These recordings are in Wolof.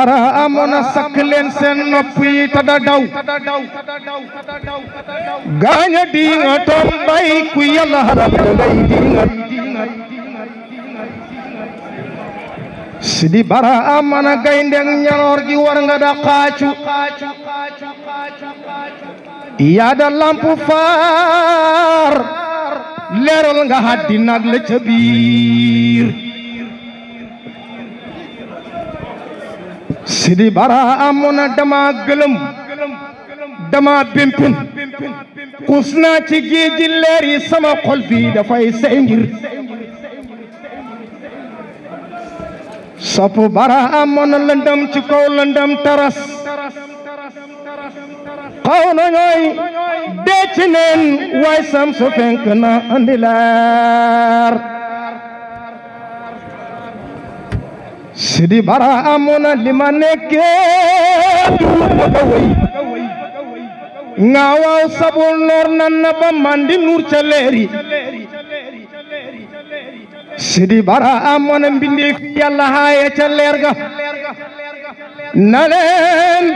ara amoon a sakk leen seen nopp yi daw gaaña di nga toom bay ku yàlla xarab da ngay di sidi bara amoon na gayndeg ñanoor gi war nga da xaacu yaa lampu faar leeral nga xaddi nag la Sidi Bara amoon na dama gëlëm dama bimpin xuus naa ci géeji leer yi sama xol bi dafay say ngir sopp Bara amoon ci kaw lëndëm taras xaw na ñooy dee ci neen waay sam fenk na andi leer sidi bara amoon na li nekkee nga waaw sabu noor nan na ba mandi nuur ca leeri sidi bara amoon na mbindee fi yàlla haaye ca ga na leen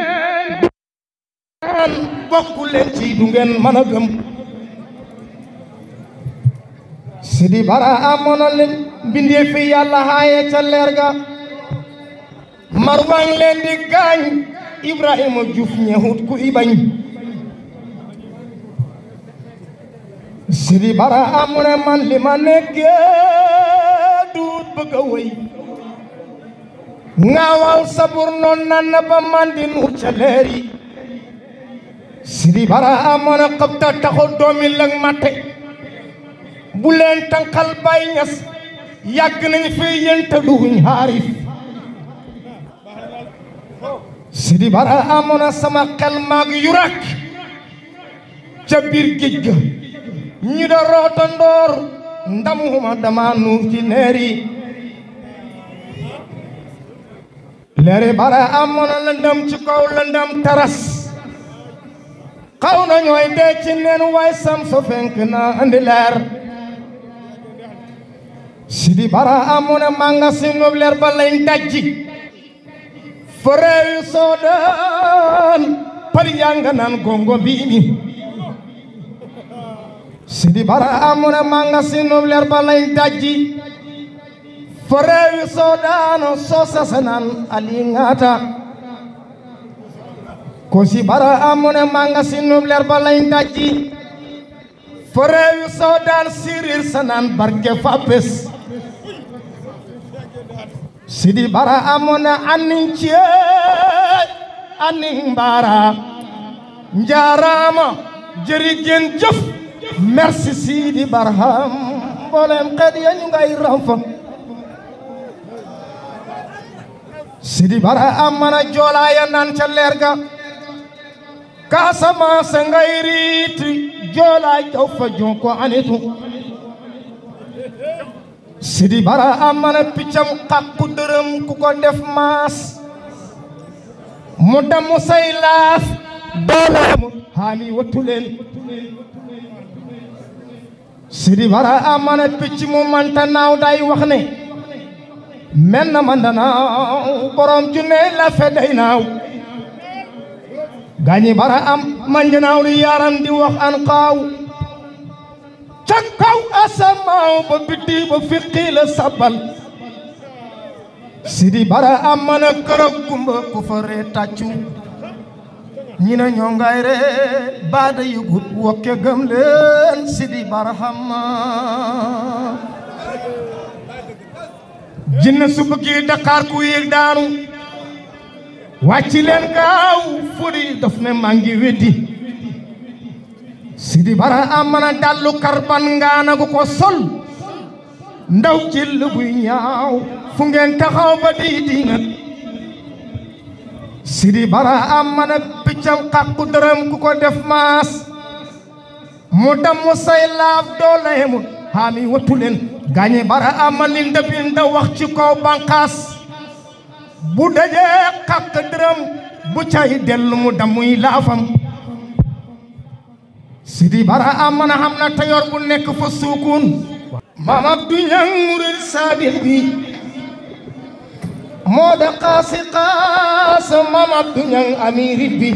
bokku leen ci du ngeen gëm ga mar baa ngi leen di gaañ Ibrahima Diouf ñëwut ku i bañ Sidi Bara amu ne man li ma nekkee bëgg a wëy ŋaawal sabur noon nan na ba man di nuur ca leer yi Sidi Bara amu ne xabta taxu doomi lëg matte bu leen tànqal bay ñas yàgg nañ fi yéen te duuñ xaarif sidi bara amoon na sama xel maag yurak ca biir géej ga ñu da roota ndoor ndamuhuma dama ci neeri leeri bara amoon na lëndëm ci kaw lëndëm taras xaw na ñooy dee ci neen waay sam so fenk na andi leer sidi bara amoon na manga si leer ba lañ dajji Frey sodan Pariyanganan gongo Bini sidi bara amuna manga Balai ler balay Sodan fo rewi sodano sosasanan ali ngata bara amuna manga sinom ler balay dajji sodan sirir senan barke fapes sidi bara amoon na anin ceey anin bara njaaraama jërigeen jëf merci sidi barham mboolem xeet ya ñu ngay ramfa sidi bara amoon na joolaaya nan ca leer ga Casamance ngay riiti joolaay jaw fa junko anitu sidi bara am mën a piccam xàqu dërëm ku ko def maas mu damu say laaf doole amul xaami wattu leen sidi bara am mën picc mu manta naaw day wax ne men na manta naaw borom junne la fe day naaw gaañi bara am manjanaaw li yaaram di wax an xaaw ca asamaaw ba bitti ba fiqi la sabal sidi bara am na kërëg kumba ku ree tàccu ñi ne ñoo ngay ree baada yëgut wokke gëm leen sidi bara xamma jinne su bëggee Dakar ku yéeg daanu wàcci leen gaaw furi daf ne maa ngi weddi sidi bara am mana dallu karban ngaanagu ko sol ndaw jill buy ñaaw fu ngeen taxaw ba di dingat sidi bara am mana piccam xaqu dërëm ku ko def maas mu dammu say laaf doole mu haami wattu leen gaañe bara am ma lil ndabinda wax ci kaw banqaas bu dajee xaq dërëm bu cay dellu mu damuy laafam sidi bara amana hamna tayor bu nek fa sukun mam abdu ñang murid saadix bi moo da xaasi xaas abdu bi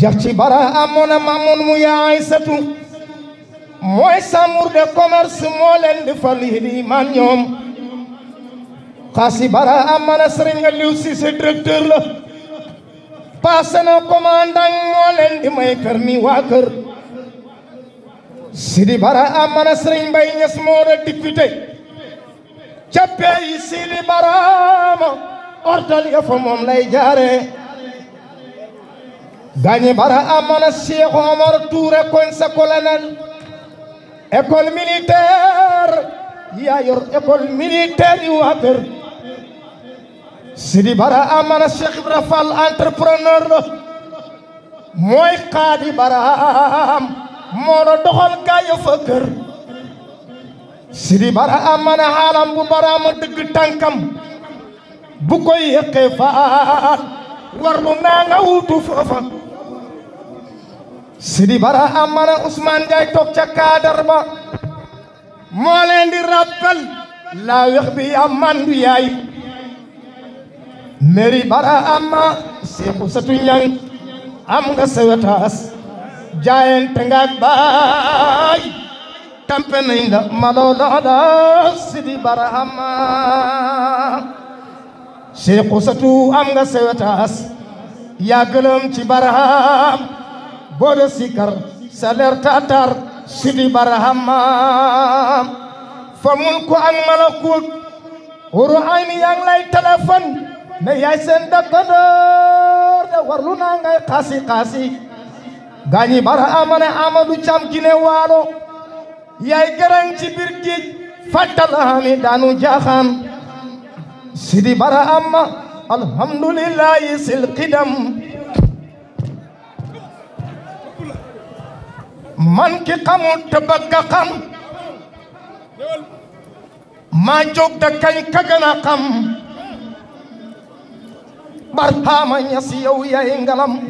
jarci bara amona mamun mu yaay moy mooy chambre de commerce mo len di fali ni man ñom xaasi bara amana sëriñ Aliou Cissé directeur la paase na commandant moo leen di may permis waa kër Sidi Bara amana Serigne Mbaye Niass moo doon député ca pays Sidi Bara ma ordal ya fa moom lay jaare gaañi Bara amana Cheikh Omar Touré koñ sa colonel école militaire yaa yor école militaire yi waa kër Sidi Bara Amana Sheikh Rafal entrepreneur moy Kadi bara, baraam moo Dohol doxal gaaya ya Sidi Bara Amana alam bu baraama dëgg tankam bu koy yëqee faat war naa nga wutu Sidi Bara Amana Usman jai tok ca kaadar ba moo leen di rappel la wex bi meri bara amma seeku satu ñang am nga sewetaas jaayante ngaak baay tampe nañ la maloo laada sidi bara amma seeku satu am nga sewetaas yaa gëlëm ci baraham boo de sikar saleer tatar sidi baraham fa mulku ak malakut huru ayni yaa ngi lay téléphone ne yaay seen dëkkandoor te warlu naa ngay xaasi xaasi gaañi bara ama ne Amadou Thiam Guinée Waalo yaay gërëng ci biir géej fàttalaami daanu jaaxaan sidi bara ama alhamdulillahi sil qidam man ki xamul te xam maa jóg da kañ ka xam barhama si yow ya ngalam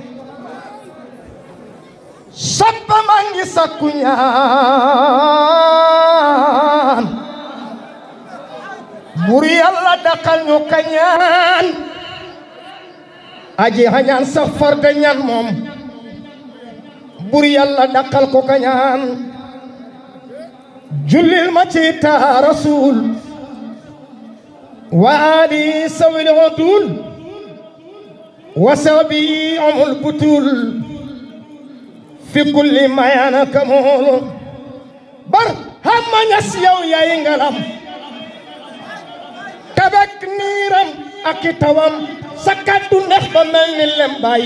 sapa maa ngi sakku ñaan bur yàlla daqal aji hanya safar denyan mom moom Allah dakal kokanyan julil macita rasul wa ali sawil udul وسبي أم البتول في كل ما أنا كمول بر هم نسيو يا إنغلام تبك نيرم أكتوام sakkat du neex ba mel ni lem baay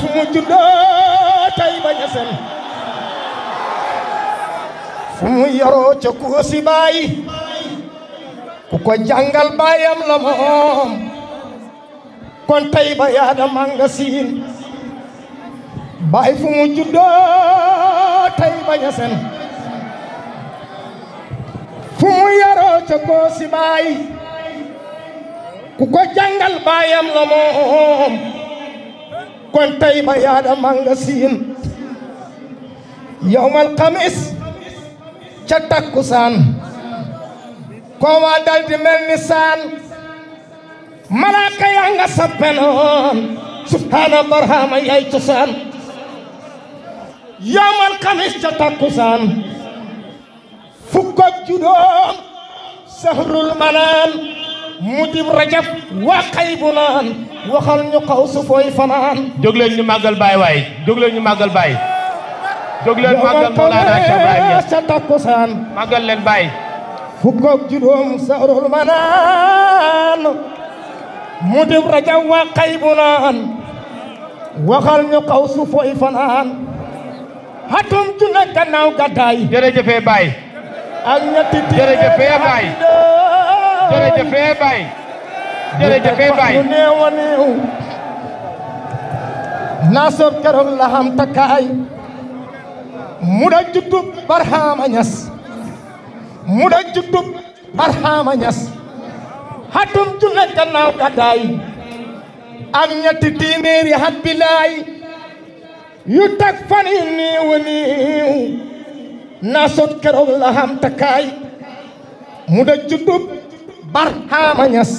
fu mu juddoo tay fu mu yaroo ca kuusi baay ku ko jàngal baayam la moom kon tey ba yaada manga siin baay fu mu juddoo tey ba ñasen fu mu yaroo ca goosi baay ku ko jàngal baayam la moom kon tey ba yaada manga siin yawmal xamis ca takkusaan koo waa dal mel ni saan malaaka yaa nga sabbenoon subhaana barhama yaay cosaan yawmal xamis ca takkusaan fukk ak juróom sahrul manaan mujib rajab waa xay naan waxal ñu xaw su fanaan jóg ñu màggal baay waay jóg leen ñu màggal baay jóg leen màggal Mawlaana Cheikh Ibrahima ca takkusaan leen baay fukk ak sahrul manaan mu dib rajam wa qaybunaan waxal ñu kaw su foy fanaan hatum junne gannaaw gaddaay jërëjëfe baay ak ñetti tiir jërëjëfe baay jërëjëfe baay jërëjëfe baay ñu neewa neew nasor keroog la xam mu da juddub barhaama ñas mu da juddub barhaama ñas xatum junne gannaaw gàddaay ak ñetti téeméeri xat bilaay yu tag fan yu niiw niiw naasut keroog la xam takkaay mu da juddub barxaama ñas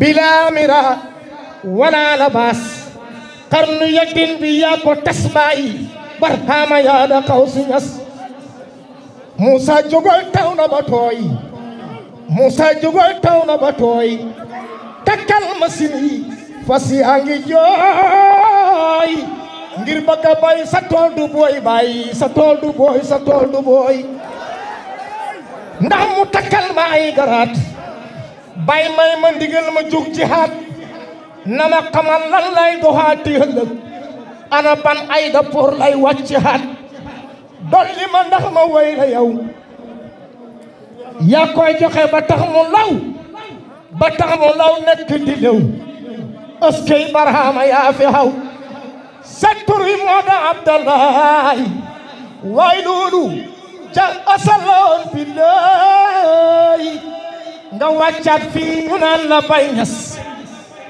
bilaa mira walaa labaas xarnu yëggin bi yaa ko tasbaay barxaama yaa da xaw ñas Muusa jógol taw na ba tooy Moussa jógal taw na ba tooy takkal machine yi fas yaa ngi jooy ngir bëgg a bay sa tool du booy bay sa tool du booy sa tool du booy ndax mu takkal ma ay garaat bay may ma ma jóg ci haat na ma xamal lan lay doxaati ëllëg ana ban ay dapoor lay wàcc haat dolli ma ndax ma woy yaa koy joxe ba tax mu law ba tax mu law nekk di lew askey barhama yaa fi xaw secteur yi moo da abdallaay waay loolu ca asaloon bi lay nga wàccaat fii ñu naan la bay ñas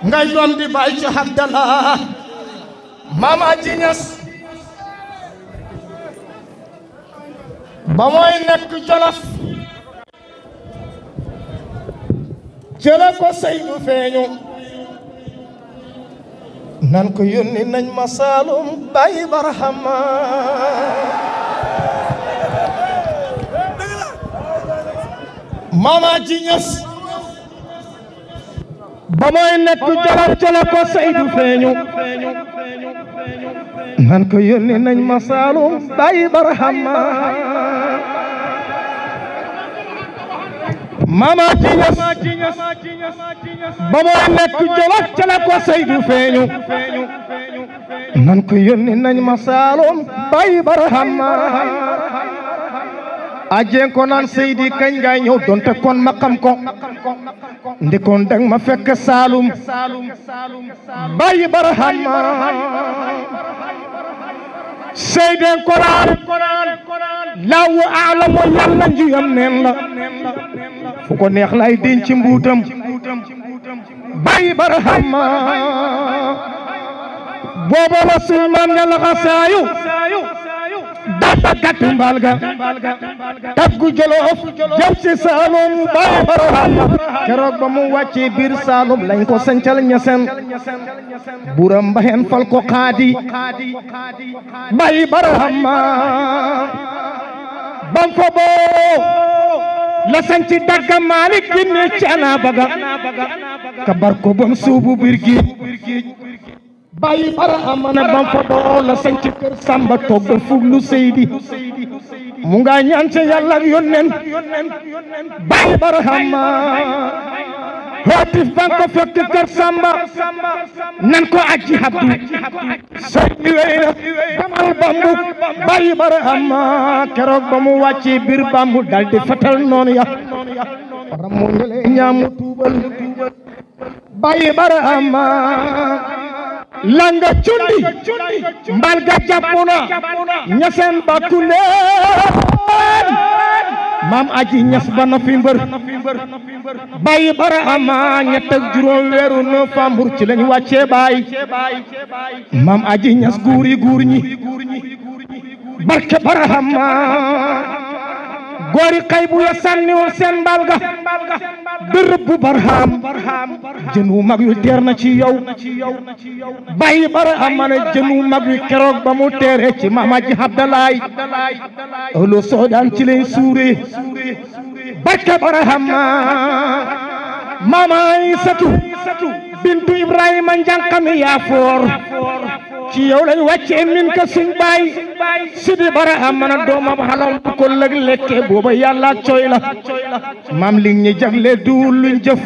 ngay doon di bay ci abdallah mama ji ñas ba mooy nekk jolof cëla ko feeñu nan ko yónni nañ ma Saalum bàyyi barahama mama ji ñas ko Seydou nañ ma Saalum bàyyi mama tiñas ba mooy nekk jolof ca la ko Seydou feeñu nan ko yónni nañ ma Saalum bay barahama ajeen ko naan Seydi kañ nga ñëw donte kon ma xam ko ndikoon dang ma fekk Saalum bay barahama Seydeen ko naan law alamu yàlla ju yam neen fu ko neex lay denc mbuutam bay barahama booba la suñu maam ña laxasaayu daba gat mbaal ga taggu joloof jëm si saalum bay barahama keroog ba mu wàccee biir saalum lañ ko sancal ñesen buram mbaxeen fal ko xaadi bay barahama bam fa boo la sanci dagga malik binne canaaba ga kabar ko bam suubu bir géej bàyyi barahama bam fa doo la sanci samba toog fuglu seydi mu nga ñaan ca yàlla ak yónneen bàyyi hootif ba ko fekk kër Samba nan ko aji habdu sëñ bi wéy na bambu bàyyi bare am keroog ba mu wàcci biir bambu dal di fatal ya ñaamu tuubal bàyyi bare am langa cundi mbal ga jàppuna ña seen bakku maam aji ñas ba na fi mbër bàyyi bara ama ñett ak juróom weeru novembre ci lañ wa baay maam aji ñas guuri guur ñi barke bara ama góori xaybu ya sànni woon seen mbaal ga bërëb bu barham jën wu mag wi teer na ci yow bàyyi barham ma ne jën wu mag wi keroog ba mu teere ci mama ji abdalaay ëloo soodaan ci leen suure backa barham mama ay satu bintu ibrahima njànkami yaa foor ci yow lañ wàccee min ka suñ baay sidi baraham mën a doomam xalam ko lëg lekke booba yàlla coy la maam li ñi jagle duul luñ jëf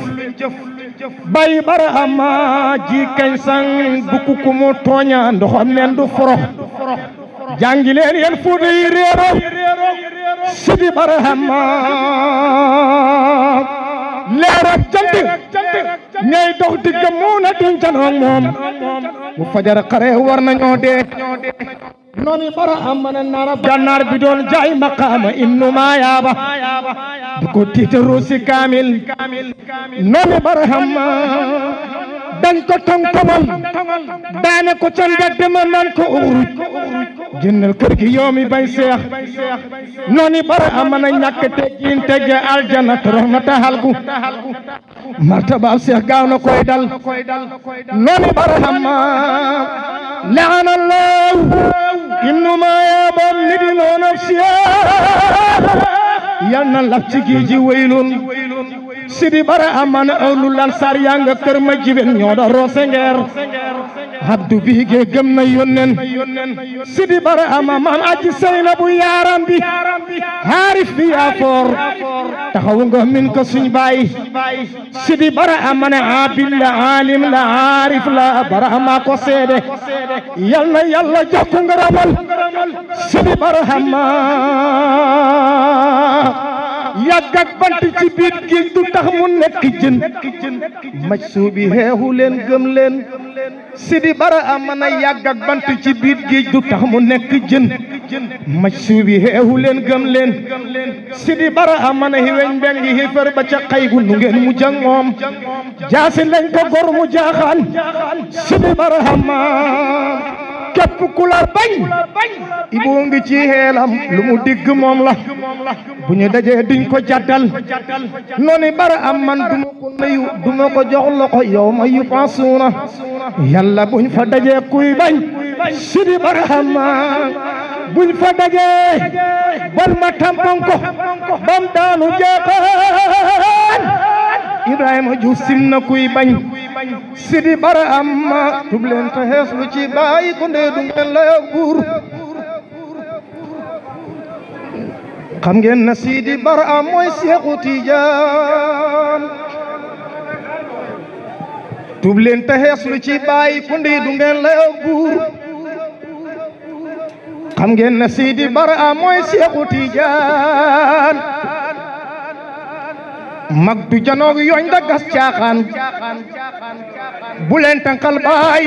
bay barahama ji kañ sang ku mu tooña ndoxam men du forox jàngi leen yéen fuuta yi réero sidi barahama leerak jant ñay dox diggam mu na duñ moom bu fajar xare war nañoo dee nomi bara am mana nara bi doon jaay maqaama innu maa yaaba di ko tiitaru si kaamil nomi bara am dañ ko tonkomal daane ko ca mbedd ko uruj génnal kër gi yow mi bay seex noonu bara a mën a ñàkk teggiin tegge aljana torox na taxalgu martabaal seex gaaw na koy dal noonu bara am laana allahu innuma yaabam nit noo nafsiya yal na laf ci gi ji sidi bara amana awlu lansar yaa nga kër ma jiben ñoo da rosengeer abdu biige gëm na yonnen sidi bara ama maam aji seynabu yaaram bi haarif bi yaa foor nga min ko suñ baay sidi bara amana aabil la aalim la aarif la bara ama ko seede yal na yàlla jokk nga ramal sidi bara ama yàgg ak bant ci biir géej du tax mu nekk jën maj suubi xeexu leen gëm leen sidi bara a mën a yàgg ak bant ci biir géej du tax mu nekk jën maj suubi xeexu leen gëm leen sidi bara a mën a xiweñ mbeng xifar ba ca gu nu ngeen mu jang moom jaasi lañ ko gor mu jaaxaan sidi bara a maam képp ku la bañ Iboo ngi ci xeelam lu mu digg moom la bu ñu dajee duñ ko jàddal noonu bara am man du ma ko nuyu du ko jox loxo yow ma yu pensuuna yàlla buñ fa dajee kuy bañ sidi bara am buñ fa dajee bal ma tampon ko bam daanu jeexaan Ibrahima Diouf sim kuy bañ sidi bara amma tubleen te xeeslu ci bàyyi ko du ngeen layoog buur xam ngeen na sidi bara am mooy seexu tijaan xam ngeen na sidi mag du janoog yooñ da gas caaxaan bu leen tànqal baay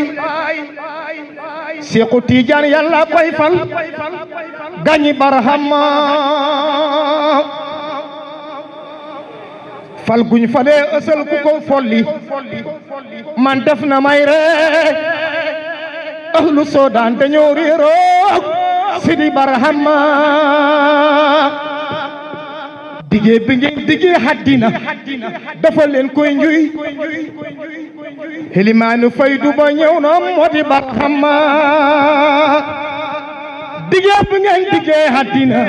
Seexu Tijaan fal gañi barahama fal guñ falee ësal ku ko folli man def na may ree ahlu soodaan dañoo réeroog sidi barahama diggee bi ngeen diggee xaddina dafa leen koy njuy xilimaanu faydu ba ñëw na moti barxama diggee bi ngeen diggee xaddina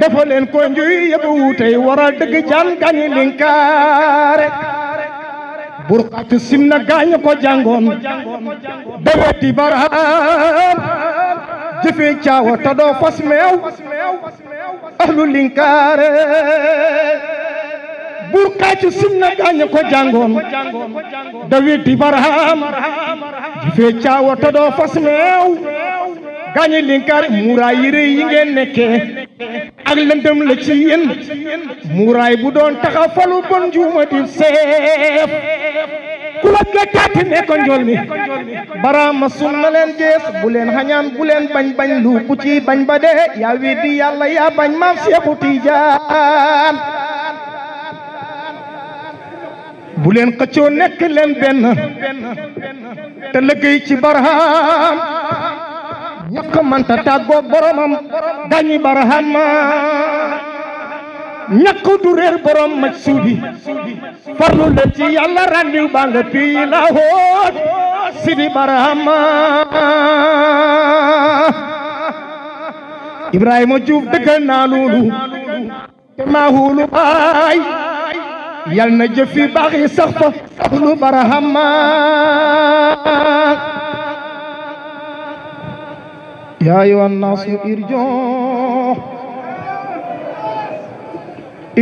dafa leen koy njuy yëpp wuutey waral dëgg jaan gani linkaare burxatu sim na gaañ ko jàngoon dawe baraam jëfee caawa ta doo fas meew ahlu linkaare buur kaacu sinna gaañe ko jangoon dawid di barham di fee caawa to doo fas meew gaañe linkaare muuraay yi yi ngeen nekke ak lëndëm la ci yéen muuraay bu doon taxa falu bon juuma di seef ku la bekkaati ne ko njool mi baraama sun na leen gees bu leen xañaan bu leen bañ bañ lu bu ci bañ ba dee yaa weddi yàlla yaa bañ maam Seexu Tijaan bu leen xëccoo nekk leen benn te liggéey ci baraam ñàkk manta tàggoo boromam dañi baraam ñàkk du réer borom maj farlu leen ci yàlla randiw baa nga bii la hoot sidi barahama ibrahima juuf dëggal naa loolu te maa huulu baay yal na jëf yi baax yi sax fa huulu barahama yaa ayyuhan naasu irjoo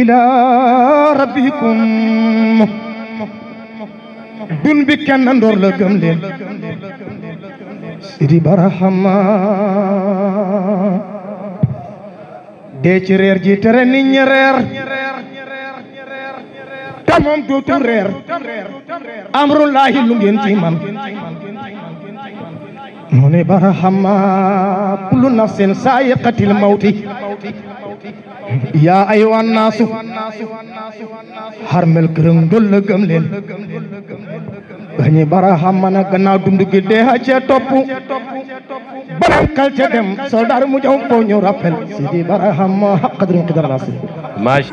ilaa rabbikum dun bi kenn ndoor la gëm leen sidi barahama dee ci reer ji tere nit amrullahi lu ngeen noone barahama kullu nafsin saayiqatil mawti yaa ayyuhan naasu xarmel kërëng dol la gëm leen dañi barahama na gannaaw dundu gi dee ha cee topp baram dem soldaar mu jaw fo ñu rappel sidi barahama xadrin qidar nasi